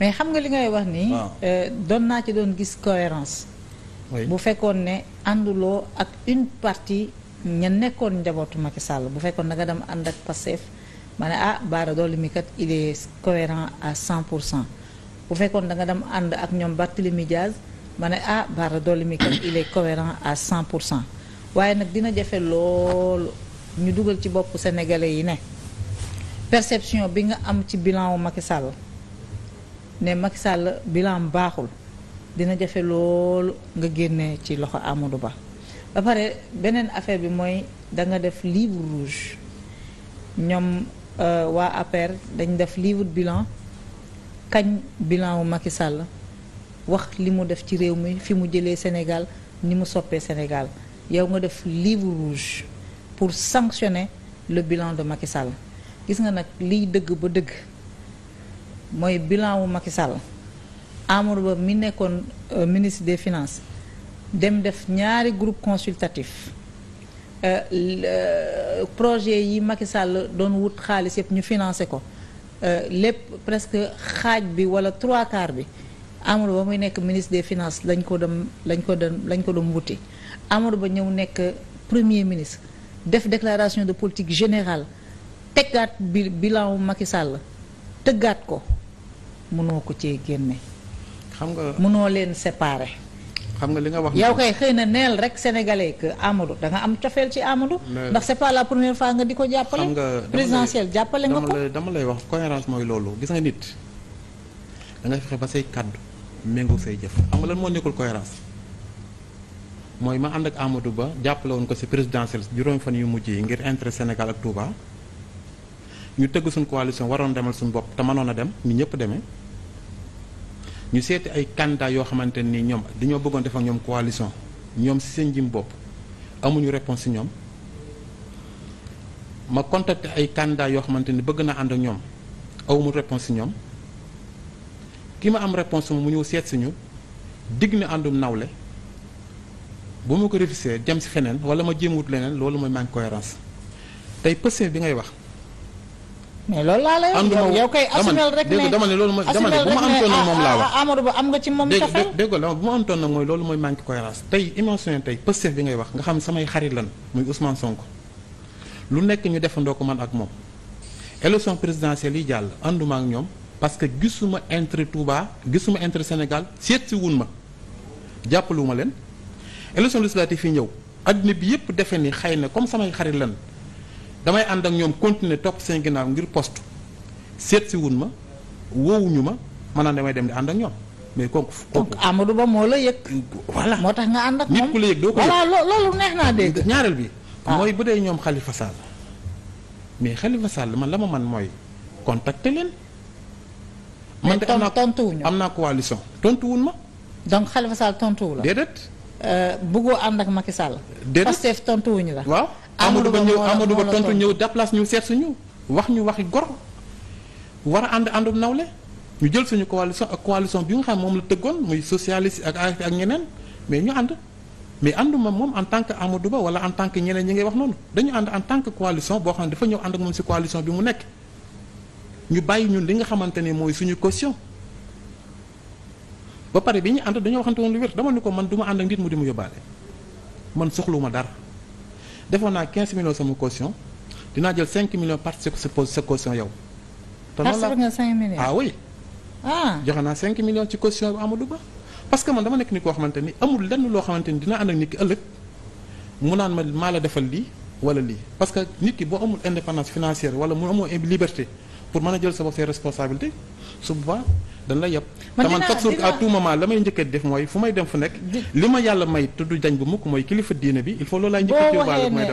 mais xam nga li ngay wax nii. Ah. Euh, doon naa ci doon gis cohérence bu fekkoon ne ànduloo ak une partie ña nekkoon njabootu Macky Sall bu fekkoon da nga dem ànd ak Pastef ma ne ah Bara Dolly mi à 100 pour cent bu fekkoon da nga dem ànd ak ñoom Barthélémy Diaz ma ne ah Bara Dolly mi kat il est cohérent à 100 pour cent waaye nag dina jafe loolu ñu dugal ci bopp sénégalais yi ne perception bi nga am ci bilan wu Macky Sall ne Macky Sall bilan baaxul dina jafe loolu nga génne ci loxo Amadou Ba ba pare beneen affaire bi mooy da nga def livre rouge ñoom euh, waa APR dañ def livre bilan kañ bilan wu Macky wax li mu def ci réew mi fi mu jëlee Sénégal ni mu soppee Sénégal yow nga def livre rouge pour sanctionner le bilan de Macky gis nga nag liy dëgg ba dëgg mooy bilan wu Macky Sall Amadou Ba mi nekkoon euh, ministre des finances dem def ñaari groupe consultatif euh, euh, projet yi Macky Sall doon wut xaalis yëpp ñu financé ko lépp presque xaaj bi wala trois quarts bi Amadou Ba muy nekk ministre des finances lañ ko dem lañ ko dem lañ ko dem wuti Amadou Ba ñëw nekk premier ministre def déclaration de politique général tegaat bi bilan wu Macky Sall tëggaat ko mënoo ko cee génne. xam nga mënoo leen séparer. xam nga li nga wax. yow kay xëy na neel rek sénégalais que Amadou da am cofeel ci Amadou. ndax c'est pas la première fois nga di ko jàppale. xam nga présidentielle jàppale nga ko dama lay wax cohérence mooy loolu gis nga nit. da nga fexe ba say kàddu méngoo say jëf xam nga lan moo nekkul cohérence mooy ma ànd ak Amadou Ba jàppale woon ko si présidentielle juróom fan yu mujj yi ngir intérêt Sénégal ak Touba. ñu tëgg suñ coalition waroon demal suñu bopp te mënoon a dem ñu seeti ay candidats yoo xamante nii ñoom dañoo bëggoon def ñoom coalition ñoom si seen jëm bopp amuñu réponse si ñoom ma contacté ay candidats yoo xamante ni bëgg naa ànd ak ñoom awumu réponse si ñoom ki ma am réponse mu ñëw seet si ñu digg na àndum nawle bu ma ko révisé jëm si feneen wala ma jéem wut leneen loolu mooy manque cohérence tey Pastef bi ngay wax. mais loolu laa lay wax yow kay asumel rek ne dama ne loolu mooy dama ne bu ma am toon nag moom laa ah, wax ah, Amadou Ba am nga ci moom cofeel dégg dama bu ma am toon mooy loolu mooy manque cohérence tey émotion tey Pastef bi ngay wax nga xam samay xarit lan muy Ousmane Sonko lu nekk ñu defandoo ko man ak moom élection présidentielle yi jàll ànduma ak ñoom parce que gisuma intérêt Touba gisuma intérêt Sénégal seet si wun ma jàppaluma leen élection législative yi ñëw adduna bi yëpp defe ni xëy na comme samay xarit lan damay ànd ak ñoom continuer topp seen ginnaaw ngir poste seet si wun ma woowuñu ma maanaam damay dem di ànd ak ñoom mais kooku. kooku Amadou Ba moo la yëg. voilà moo tax nga ànd ak moom ñaareel bi. Ah. mooy ñoom Khalifa Sall mais Khalifa Sall man la ma man mooy contacter leen. man de am naa tontuwuñu am naa coalition tontuwuñ ma. donc Khalifa Sall tontuwu la. déedéet. Euh, bëggoo ànd ak Macky Sall. déedéet Pastef tontuwuñu la waaw. Amadou Ba ñëw Amadou Ba tontu ñëw déplace ñu seet suñu wax ñu waxi gor war a ànd àndum nawle ñu jël suñu coalition ak coalition bi nga xam moom la tëggoon muy socialiste ak AFP ak ñeneen mais ñu ànd mais ànduma moom en tant que Amadou Ba wala en tant que ñeneen ñi ngay wax noonu dañu ànd en tant que coalition boo xam ne dafa ñëw ànd ak mu nekk ñu bàyyi ñun li nga xamante ne mooy suñu caution ba pare bi ñu ànd dañoo waxante woon lu wér dama ni ko man duma ànd ak nit mu di mu yóbbaale man soxluwuma dara defoon naa quinze millions sama caution dinaa jël cinq millions parce que sa caution yow. te noonu la nga 5 millions ah, ah. naa 5 millions ci caution bu parce que man dama nekk nit koo xamante ni amul lenn loo xamante ni dina ànd ak nit ki ëllëg mu naan ma maa la defal lii wala lii parce que nit ki boo amul indépendance financière wala mu amoo liberté. pour mën a jël sa bopp ses responsabilités su boobaa dañ lay yëpp te man la may njëkk a def mooy fu may dem fu nekk li ma yàlla may tudd dañ bu mukk mooy kilifa diine bi il faut loolu laay njëkk a yóbbaale may dem